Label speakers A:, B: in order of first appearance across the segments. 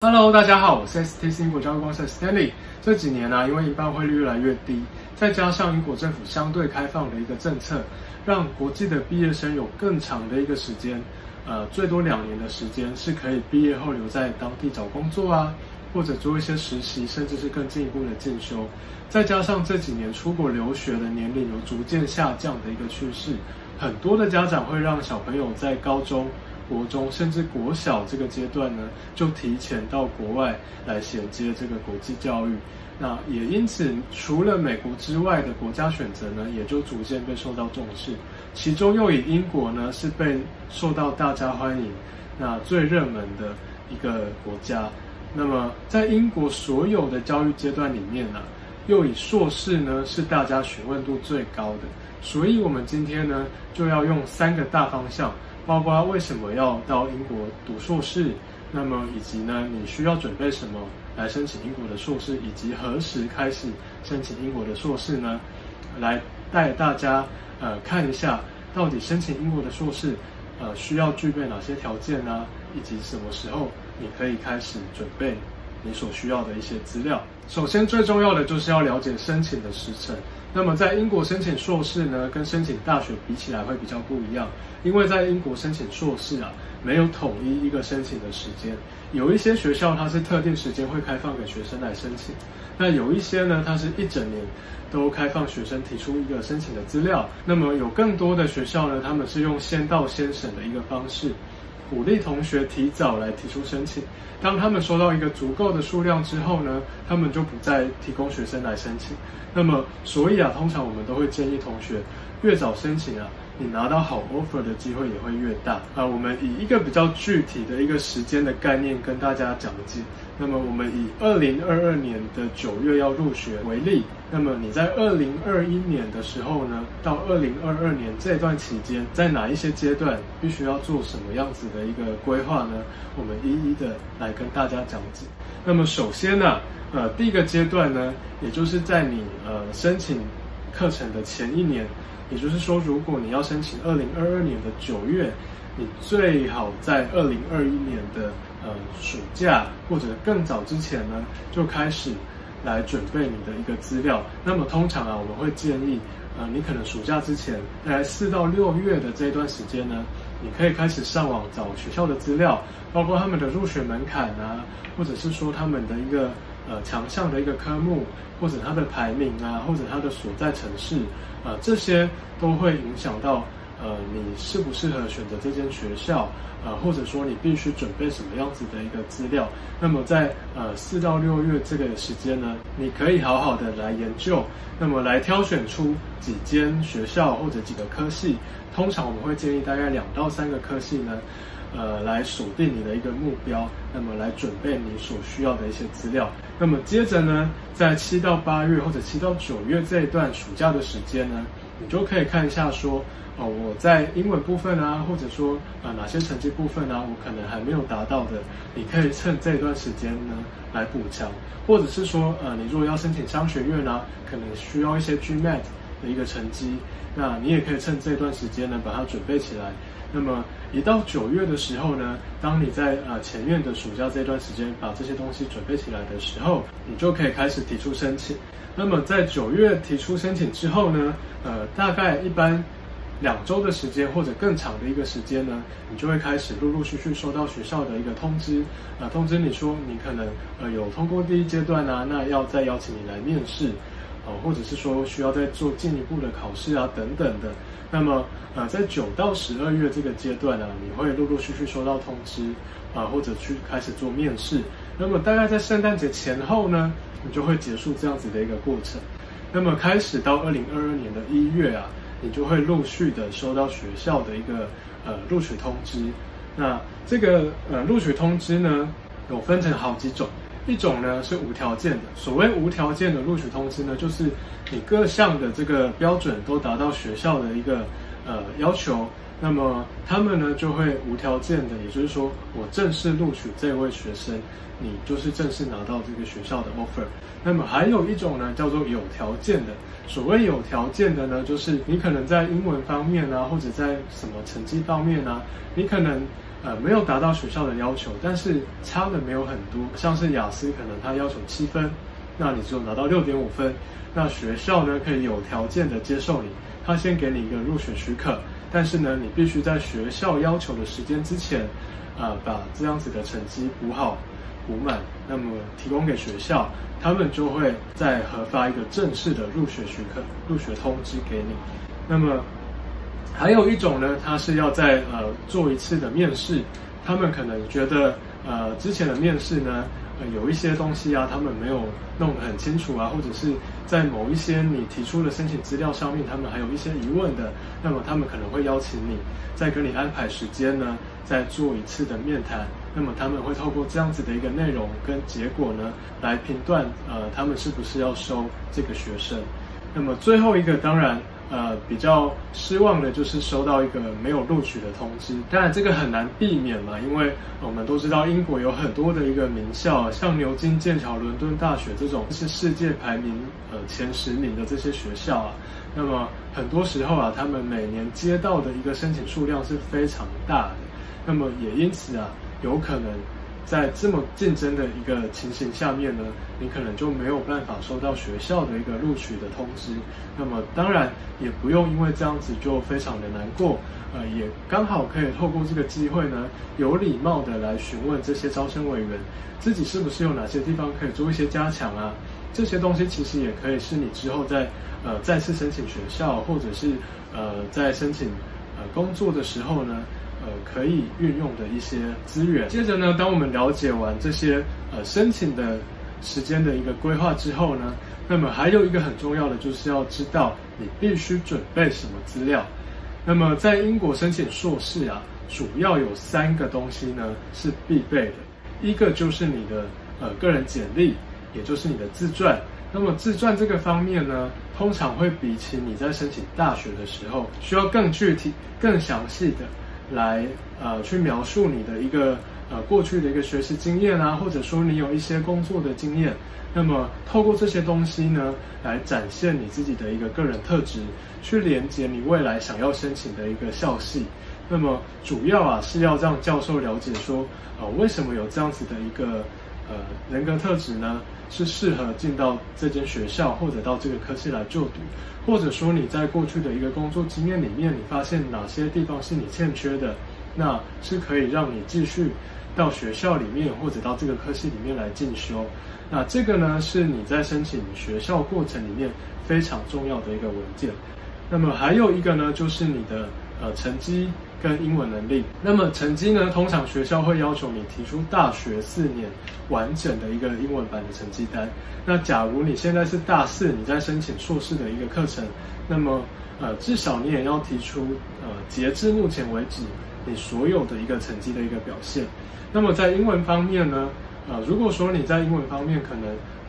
A: Hello，大家好，我是 STC 英國教育公司的 Stanley。這幾年呢、啊，因為英鎊匯率越來越低，再加上英國政府相對開放的一個政策，讓國際的畢業生有更長的一個時間，呃，最多兩年的時間是可以畢業後留在當地找工作啊，或者做一些實習，甚至是更進一步的進修。再加上這幾年出國留學的年齡有逐漸下降的一個趨勢，很多的家長會讓小朋友在高中。國中甚至國小這個階段呢，就提前到國外來銜接這個國際教育。那也因此，除了美國之外的國家選擇呢，也就逐漸被受到重視。其中又以英國呢是被受到大家歡迎，那最熱門的一個國家。那麼在英國所有的教育階段裡面呢，又以碩士呢是大家詢問度最高的。所以我們今天呢就要用三個大方向。包括為什麼要到英國讀碩士，那麼以及呢，你需要準備什麼來申請英國的碩士，以及何時開始申請英國的碩士呢？來帶大家呃看一下，到底申請英國的碩士，呃需要具備哪些條件呢、啊？以及什麼時候你可以開始準備？你所需要的一些資料，首先最重要的就是要了解申請的時程。那麼在英國申請碩士呢，跟申請大學比起來會比較不一樣，因為在英國申請碩士啊，沒有統一一個申請的時間，有一些學校它是特定時間會開放給學生來申請，那有一些呢，它是一整年都開放學生提出一個申請的資料。那麼有更多的學校呢，他們是用先到先審的一個方式。鼓勵同學提早來提出申請。當他們收到一個足夠的數量之後呢，他們就不再提供學生來申請。那麼，所以啊，通常我們都會建議同學越早申請啊，你拿到好 offer 的機會也會越大啊。我們以一個比較具體的一個時間的概念跟大家講解，那麼，我們以二零二二年的九月要入學為例。那麼你在二零二一年的時候呢，到二零二二年這段期間，在哪一些階段必須要做什麼樣子的一個規劃呢？我們一一的來跟大家講解。那麼首先呢，呃，第一個階段呢，也就是在你，呃，申請課程的前一年，也就是說，如果你要申請二零二二年的九月，你最好在二零二一年的，呃，暑假或者更早之前呢，就開始。來準備你的一個資料，那麼通常啊，我們會建議，呃，你可能暑假之前，在四到六月的這一段時間呢，你可以開始上網找學校的資料，包括他們的入學門檻啊，或者是說他們的一個呃強項的一個科目，或者他的排名啊，或者他的所在城市，啊、呃，這些都會影響到。呃，你適不適合選擇這間學校？呃，或者說你必須準備什麼樣子的一個資料。那麼在呃四到六月這個時間呢，你可以好好的來研究，那麼來挑選出幾間學校或者幾個科系。通常我們會建議大概兩到三個科系呢，呃，來鎖定你的一個目標，那麼來準備你所需要的一些資料。那麼接着呢，在七到八月或者七到九月這一段暑假的時間呢。你就可以看一下，說，哦、呃，我在英文部分啊，或者說，呃，哪些成績部分啊，我可能還沒有達到的，你可以趁這段時間呢來補強，或者是說，呃，你如果要申請商學院呢、啊，可能需要一些 GMAT 的一個成績，那你也可以趁這段時間呢把它準備起來。那麼。一到九月的時候呢，當你在呃前面的暑假這段時間把這些東西準備起來的時候，你就可以開始提出申請。那麼在九月提出申請之後呢，呃，大概一般兩周的時間或者更長的一個時間呢，你就會開始陸陸續續收到學校的一個通知，呃通知你說你可能呃有通過第一階段啊，那要再邀請你來面試。或者是說需要再做進一步的考試啊，等等的。那麼，呃，在九到十二月這個階段呢，啊，你會陸陸續續收到通知啊，或者去開始做面試。那麼，大概在聖誕節前後呢，你就會結束這樣子的一個過程。那麼，開始到二零二二年的一月啊，你就會陸續的收到學校的一個呃錄取通知。那這個呃錄取通知呢，有分成好幾種。一種呢是無條件的，所謂無條件的錄取通知呢，就是你各項的這個標準都達到學校的一個呃要求，那麼他們呢就會無條件的，也就是說我正式錄取這位學生，你就是正式拿到這個學校的 offer。那麼還有一種呢叫做有條件的，所謂有條件的呢，就是你可能在英文方面啊，或者在什麼成績方面啊，你可能。呃，沒有達到學校的要求，但是差的沒有很多，像是雅思，可能他要求七分，那你只有拿到六點五分，那學校呢可以有條件的接受你，他先給你一個入學許可，但是呢，你必須在學校要求的時間之前，呃，把這樣子的成績補好補滿，那麼提供給學校，他們就會再核發一個正式的入學許可、入學通知給你，那麼。還有一種呢，他是要再呃做一次的面試，他們可能覺得呃之前的面試呢，呃有一些東西啊，他們沒有弄得很清楚啊，或者是在某一些你提出的申請資料上面，他們還有一些疑問的，那麼他們可能會邀請你再跟你安排時間呢，再做一次的面談，那麼他們會透過這樣子的一個內容跟結果呢，來評斷呃他們是不是要收這個學生，那麼最後一個當然。呃，比較失望的就是收到一個沒有錄取的通知。當然，這個很難避免嘛，因為我們都知道英國有很多的一個名校啊，像牛津、劍橋、倫敦大學這種是世界排名呃前十名的這些學校啊。那麼很多時候啊，他們每年接到的一個申請數量是非常大的，那麼也因此啊，有可能。在這麼競爭的一個情形下面呢，你可能就沒有辦法收到學校的一個錄取的通知。那麼當然也不用因為這樣子就非常的難過，呃，也剛好可以透過這個機會呢，有禮貌的來詢問這些招生委員自己是不是有哪些地方可以做一些加強啊。這些東西其實也可以是你之後再呃再次申請學校或者是呃在申請呃工作的時候呢。呃，可以運用的一些資源。接着呢，當我們了解完這些呃申請的時間的一個規劃之後呢，那麼還有一個很重要的就是要知道你必須準備什麼資料。那麼在英國申請碩士啊，主要有三個東西呢是必備的。一個就是你的呃個人簡歷，也就是你的自傳。那麼自傳這個方面呢，通常會比起你在申請大學的時候需要更具體、更詳細的。來，呃，去描述你的一個，呃，過去的一個學習經驗啊，或者說你有一些工作的經驗，那麼透過這些東西呢，來展現你自己的一個個人特質，去連接你未來想要申請的一個校系。那麼主要啊是要讓教授了解說，呃，為什麼有這樣子的一個。呃，人格特質呢是適合進到這間學校或者到這個科系來就讀，或者說你在過去的一個工作經驗裡面，你發現哪些地方是你欠缺的，那是可以讓你繼續到學校裡面或者到這個科系裡面來進修。那這個呢是你在申請學校過程裡面非常重要的一個文件。那麼還有一個呢就是你的。呃，成績跟英文能力。那麼成績呢，通常學校會要求你提出大學四年完整的一個英文版的成績單。那假如你現在是大四，你在申請碩士的一個課程，那麼呃，至少你也要提出呃，截至目前為止你所有的一個成績的一個表現。那麼在英文方面呢，呃，如果說你在英文方面可能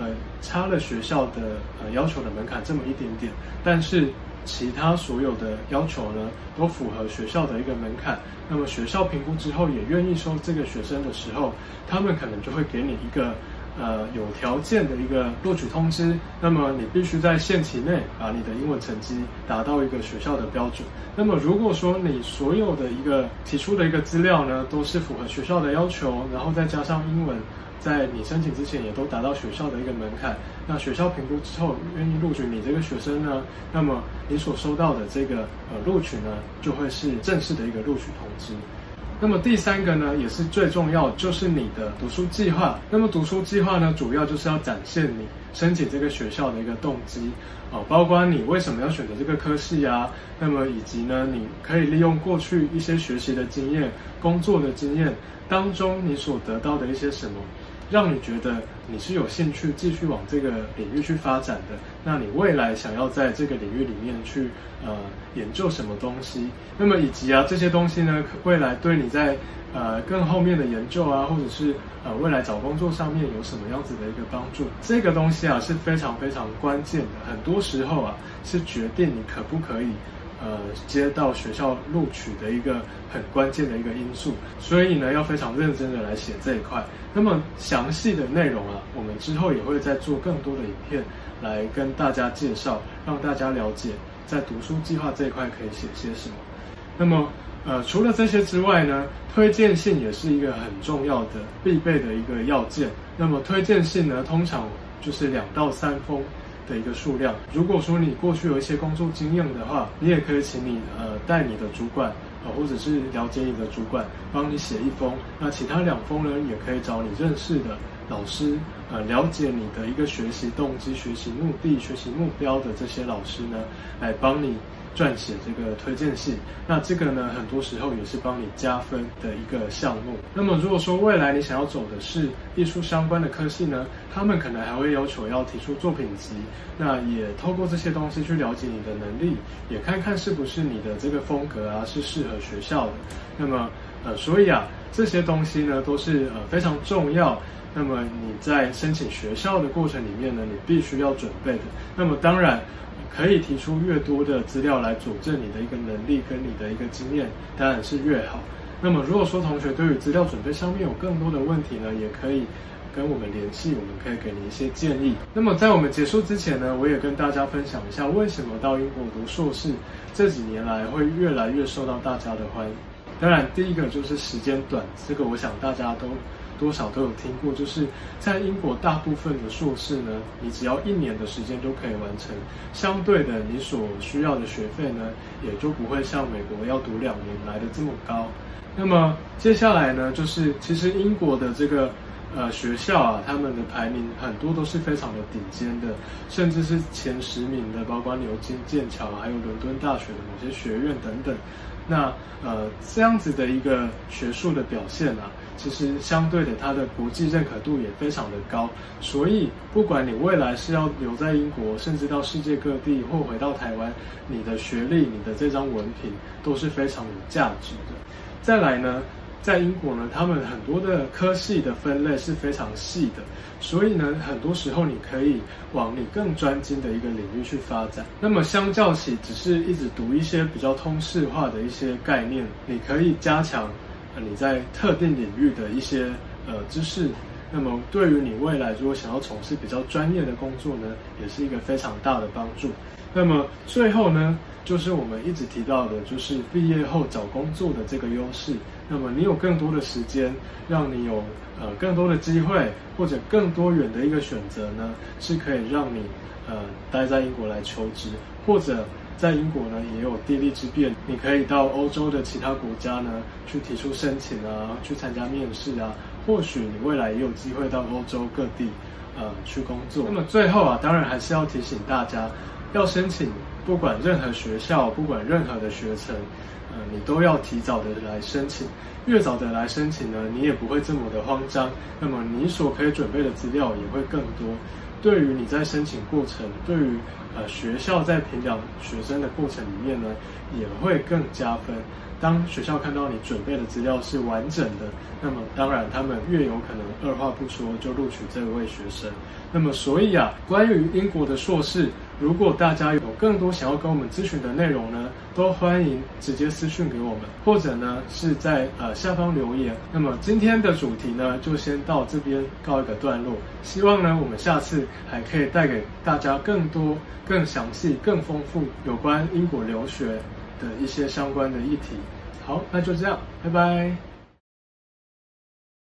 A: 呃差了學校的呃要求的門檻這麼一點點，但是。其他所有的要求呢，都符合學校的一個門檻。那麼學校評估之後也願意收這個學生的時候，他們可能就會給你一個呃有條件的一個錄取通知。那麼你必須在限期內把你的英文成績達到一個學校的標準。那麼如果說你所有的一個提出的一個資料呢，都是符合學校的要求，然後再加上英文。在你申請之前，也都達到學校的一個門檻。那學校評估之後，願意錄取你這個學生呢，那麼你所收到的這個呃錄取呢，就會是正式的一個錄取通知。那麼第三個呢，也是最重要，就是你的讀書計劃。那麼讀書計劃呢，主要就是要展現你申請這個學校的一個動機啊、哦，包括你為什麼要選擇這個科系啊，那麼以及呢，你可以利用過去一些學習的經驗、工作的經驗當中，你所得到的一些什麼，讓你覺得你是有興趣繼續往這個領域去發展的，那你未來想要在這個領域裡面去呃研究什麼東西，那麼以及啊這些東西呢，未來對你在呃更後面的研究啊，或者是呃未來找工作上面有什麼樣子的一個幫助，這個東西啊是非常非常關鍵的，很多時候啊是決定你可不可以。呃，接到學校錄取的一個很關鍵的一個因素，所以呢，要非常認真的來寫這一塊。那麼詳細的內容啊，我們之後也會再做更多的影片來跟大家介紹，讓大家了解在讀書計劃這一塊可以寫些什麼。那麼，呃，除了這些之外呢，推薦信也是一個很重要的必備的一個要件。那麼推薦信呢，通常就是兩到三封。的一個數量，如果說你過去有一些工作經驗的話，你也可以請你呃帶你的主管，呃或者是了解你的主管幫你寫一封。那其他兩封呢，也可以找你認識的老師，呃了解你的一個學習動機、學習目的、學習目標的這些老師呢，來幫你。撰寫這個推薦信，那這個呢，很多時候也是幫你加分的一個項目。那麼，如果說未來你想要走的是藝術相關的科系呢，他們可能還會要求要提出作品集，那也透過這些東西去了解你的能力，也看看是不是你的這個風格啊是適合學校的。那麼，呃，所以啊，這些東西呢，都是呃非常重要。那麼你在申請學校的過程裡面呢，你必須要準備的。那麼當然，可以提出越多的資料來佐證你的一個能力跟你的一個經驗，當然是越好。那麼如果說同學對於資料準備上面有更多的問題呢，也可以跟我們聯繫，我們可以給你一些建議。那麼在我們結束之前呢，我也跟大家分享一下為什麼到英國讀碩士這幾年來會越來越受到大家的歡迎。當然，第一個就是時間短，這個我想大家都。多少都有聽過，就是在英國大部分的碩士呢，你只要一年的時間就可以完成。相對的，你所需要的學費呢，也就不會像美國要讀兩年來得這麼高。那麼接下來呢，就是其實英國的這個。呃，學校啊，他們的排名很多都是非常的頂尖的，甚至是前十名的，包括牛津、劍橋啊，還有倫敦大學的某些學院等等。那呃，這樣子的一個學術的表現啊，其實相對的，它的國際認可度也非常的高。所以，不管你未來是要留在英國，甚至到世界各地，或回到台灣，你的學歷、你的這張文憑都是非常有價值的。再來呢？在英國呢，他們很多的科系的分類是非常細的，所以呢，很多時候你可以往你更專精的一個領域去發展。那麼，相較起只是一直讀一些比較通識化的一些概念，你可以加強你在特定領域的一些，呃，知識。那麼，對於你未來如果想要從事比較專業的工作呢，也是一個非常大的幫助。那麼最後呢，就是我們一直提到的，就是畢業後找工作的這個優勢。那麼你有更多的時間，讓你有呃更多的機會，或者更多元的一個選擇呢，是可以讓你呃待在英國來求職，或者在英國呢也有地利之便，你可以到歐洲的其他國家呢去提出申請啊，去參加面試啊，或許你未來也有機會到歐洲各地呃去工作。那麼最後啊，當然還是要提醒大家，要申請。不管任何學校，不管任何的學程，呃，你都要提早的來申請。越早的來申請呢，你也不會這麼的慌張。那麼你所可以準備的資料也會更多。對於你在申請過程，對於呃學校在評獎學生的過程裡面呢，也會更加分。當學校看到你準備的資料是完整的，那麼當然他們越有可能二話不說就錄取這位學生。那麼所以啊，關於英國的碩士，如果大家有更多想要跟我們諮詢的內容呢，都歡迎直接私訊給我們，或者呢是在呃下方留言。那麼今天的主題呢，就先到這邊告一個段落。希望呢我們下次還可以帶給大家更多、更詳細、更豐富有關英國留學。的一些相關的議題，好，那就這樣，拜拜。